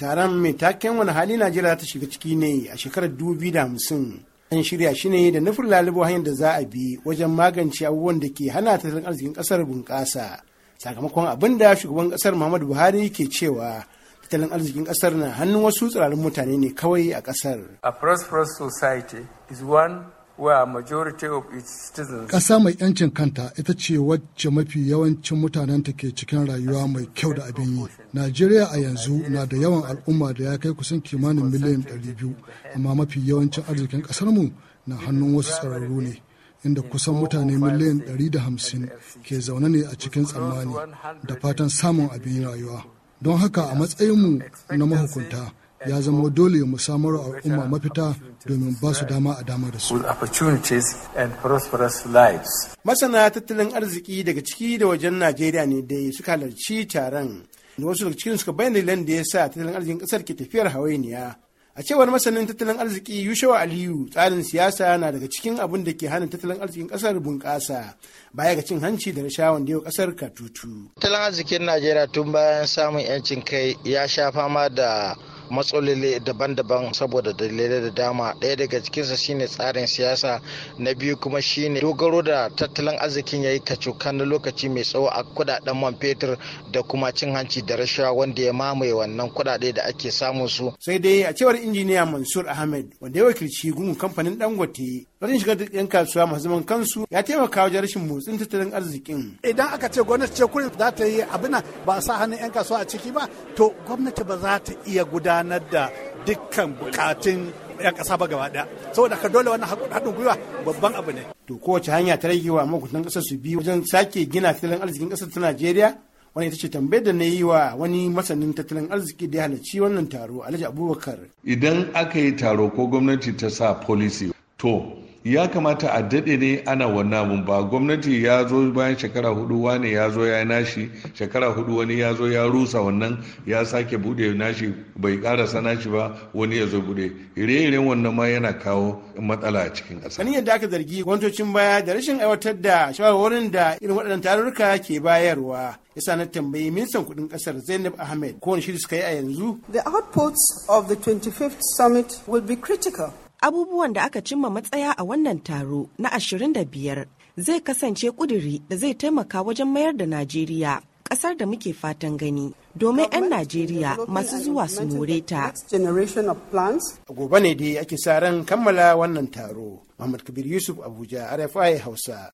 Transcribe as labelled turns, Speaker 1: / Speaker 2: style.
Speaker 1: Taron mai taken wani hali Najeriya ta shiga ciki ne a shekarar dubi da hamsin. An shirya shi ne da nufin lalubo hanyar da za a bi wajen magance abubuwan da ke hana tattalin arzikin ƙasar bunƙasa. Sakamakon abin da shugaban ƙasar Muhammadu Buhari ke cewa tattalin arzikin ƙasar na hannun wasu tsirarin mutane ne kawai a ƙasar.
Speaker 2: A prosperous society is one Ƙasa mai
Speaker 3: 'yancin kanta ita ce wacce mafi yawancin mutanenta ke cikin rayuwa mai kyau da abin yi. Najeriya a yanzu na da yawan al'umma da ya kai kusan kimanin miliyan biyu, amma mafi yawancin arzikin ƙasarmu na hannun wasu tsararru ne. inda kusan mutane miliyan ɗari da hamsin ke zaune ne a cikin tsammani da fatan samun abin rayuwa. Don haka a matsayinmu na mahukunta ya zama dole mu samar al'umma mafita domin ba su dama a dama da su. Masana tattalin
Speaker 1: arziki daga ciki da wajen Najeriya ne da suka halarci taron. Da wasu daga cikin suka bayyana dalilan da ya sa tattalin arzikin kasar ke tafiyar hawainiya. A cewar masanin tattalin arziki Yushawa Aliyu, tsarin siyasa na daga cikin abin da ke hana tattalin arzikin kasar bunƙasa baya ga cin hanci da rashawan da yau kasar ka tutu.
Speaker 4: Tattalin arzikin Najeriya tun bayan samun 'yancin kai ya sha fama da matsaloli daban-daban saboda dalilai da dama ɗaya daga cikinsa shine tsarin siyasa na biyu kuma shine dogaro da tattalin arzikin ya yi kacokan na lokaci mai tsawo a kudaden man fetur da kuma cin hanci da rashawa wanda ya mamaye wannan kudade da
Speaker 1: ake samun su sai dai a cewar injiniya mansur ahmed wanda ya wakilci gungun kamfanin dangote farin shiga da 'yan kasuwa masu zaman kansu ya taimaka wajen rashin motsin tattalin arzikin. Idan aka ce gwamnati ce kurin za ta yi abin ba a sa hannun 'yan kasuwa a ciki ba, to gwamnati ba za ta iya gudanar da dukkan bukatun 'yan kasa ba gaba ɗaya. Saboda ka dole wannan haɗin gwiwa babban abu ne. To kowace hanya ta rage wa makwabtan kasar su biyu wajen sake gina tattalin arzikin ƙasar ta Najeriya wani ita ce tambayar da na yi wa wani masanin tattalin arziki da ya halarci wannan taro alhaji abubakar
Speaker 2: idan aka yi taro ko gwamnati ta sa policy to ya kamata a daɗe ne ana wannan abun ba gwamnati ya zo bayan shekara hudu wani ya zo ya nashi shekara hudu wani ya zo ya rusa wannan ya sake bude nashi bai ƙarasa nashi ba wani ya zo bude ire-iren wannan ma yana kawo matsala a cikin
Speaker 1: ƙasa. ganin yadda aka zargi gwamnatocin baya da rashin aiwatar da shawarwarin da irin waɗannan tarurruka ke bayarwa yasa na tambayi ministan kuɗin ƙasar zainab ahmed kowane shiri suka yi a yanzu the
Speaker 2: outputs of the 25th summit will be critical abubuwan da aka cimma matsaya a wannan taro na 25 zai kasance kuduri da zai taimaka wajen mayar da najeriya kasar da muke fatan gani domin 'yan najeriya masu zuwa su
Speaker 1: more ta gobe ne dai ake sa ran kammala wannan taro Muhammad Kabir Yusuf Abuja RFI Hausa